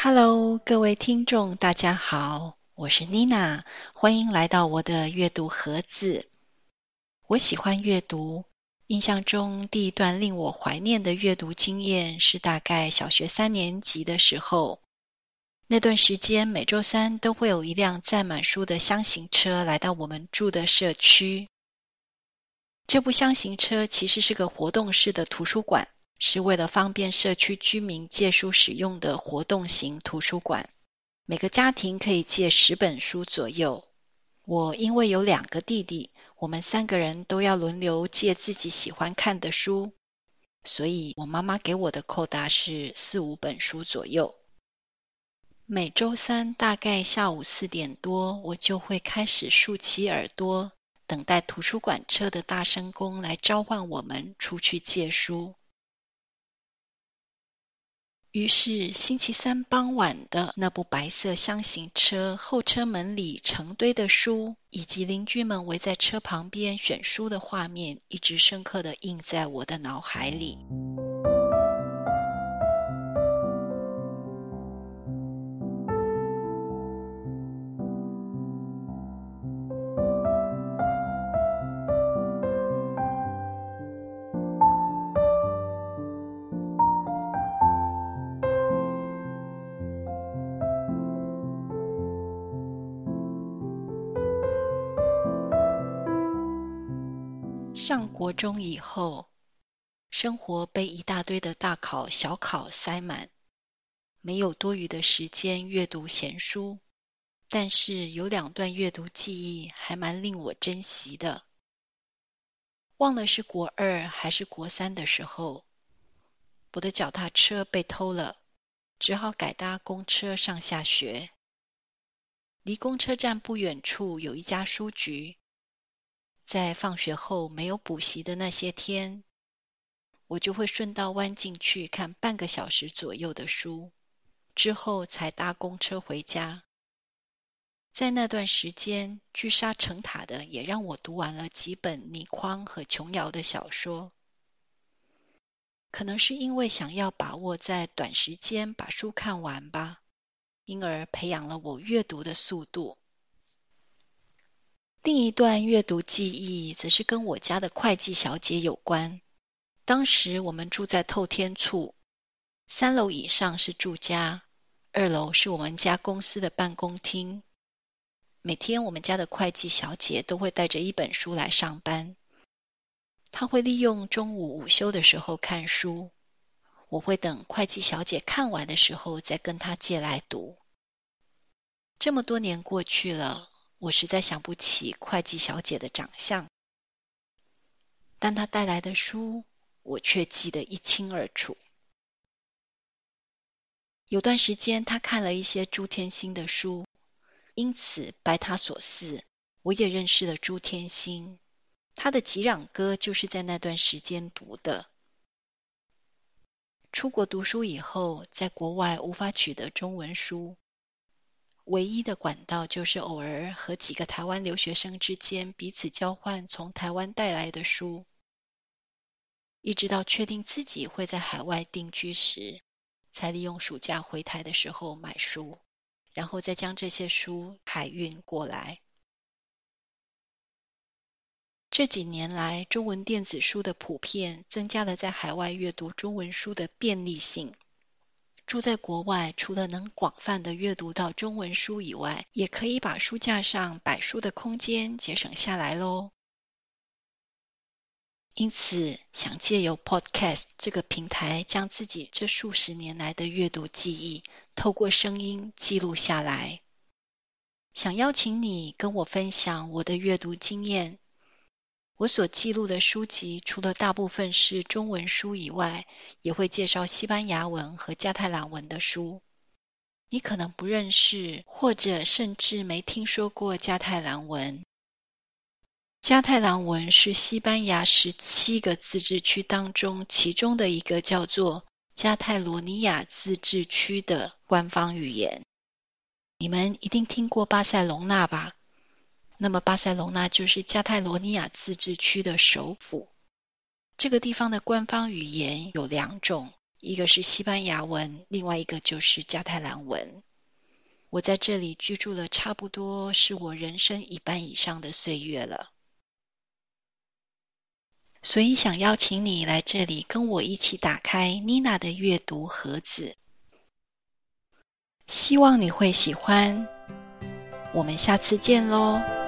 Hello，各位聽眾，大家好，我是 Nina，歡迎來到我的閱讀盒子。我喜歡閱讀，印象中第一段令我懷念的閱讀經驗是大概小學三年級的時候。那段時間，每週三都會有一輛載滿書的箱型車來到我們住的社區。這部箱型車其實是個活動式的圖書館。是為了方便社區居民借書使用的活動型圖書館，每個家庭可以借十本書左右。我因為有兩個弟弟，我們三個人都要輪流借自己喜歡看的書，所以我媽媽給我的扣打是四五本書左右。每周三大概下午四點多，我就會開始豎起耳朵，等待圖書館車的大聲公來召喚我們出去借書。於是，星期三傍晚的那部白色箱型車後車門裡成堆的書，以及鄰居們圍在車旁邊選書的畫面，一直深刻地印在我的腦海裡。上國中以後，生活被一大堆的大考、小考塞滿，沒有多餘的時間閱讀閒書。但是有兩段閱讀記憶還蠻令我珍惜的。忘了是國二還是國三的時候，我的腳踏車被偷了，只好改搭公車上下學。離公車站不遠處有一家書局。在放學後沒有補習的那些天，我就會順道彎進去看半個小時左右的書，之後才搭公車回家。在那段時間聚沙成塔的，也讓我讀完了幾本倪匡和瓊瑤的小說。可能是因為想要把握在短時間把書看完吧，因而培養了我閱讀的速度。另一段閱讀記憶，則是跟我家的會計小姐有關。當時我們住在透天厝，三樓以上是住家，二樓是我們家公司的辦公廳。每天，我們家的會計小姐都會帶着一本書來上班。她會利用中午午休的時候看書，我會等會計小姐看完的時候，再跟她借來讀。這麼多年過去了。我實在想不起會計小姐的長相，但她帶來的書我卻記得一清二楚。有段時間她看了一些朱天心的書，因此拜她所賜，我也認識了朱天心。她的《擊壤歌》就是在那段時間讀的。出國讀書以後，在國外無法取得中文書。唯一的管道就是偶爾和幾個台灣留學生之間彼此交換從台灣帶來的書，一直到確定自己會在海外定居時，才利用暑假回台的時候買書，然後再將這些書海運過來。這幾年來，中文電子書的普遍增加了在海外閱讀中文書的便利性。住在國外，除了能廣泛的閱讀到中文書以外，也可以把書架上擺書的空間節省下來嘍。因此，想借由 Podcast 這個平台，將自己這數十年來的閱讀記憶，透過聲音記錄下來。想邀請你跟我分享我的閱讀經驗。我所記錄的書籍，除了大部分是中文書以外，也會介紹西班牙文和加泰蘭文的書。你可能不認識，或者甚至沒聽說過加泰蘭文。加泰蘭文是西班牙十七個自治區當中其中的一個，叫做加泰羅尼亞自治區的官方語言。你們一定聽過巴塞隆納吧？那麼巴塞隆納就是加泰羅尼亞自治區的首府。這個地方的官方語言有兩種，一個是西班牙文，另外一個就是加泰蘭文。我在這裡居住了差不多是我人生一半以上的歲月了，所以想邀請你來這裡跟我一起打開妮娜的閱讀盒子，希望你會喜歡。我們下次見嘍！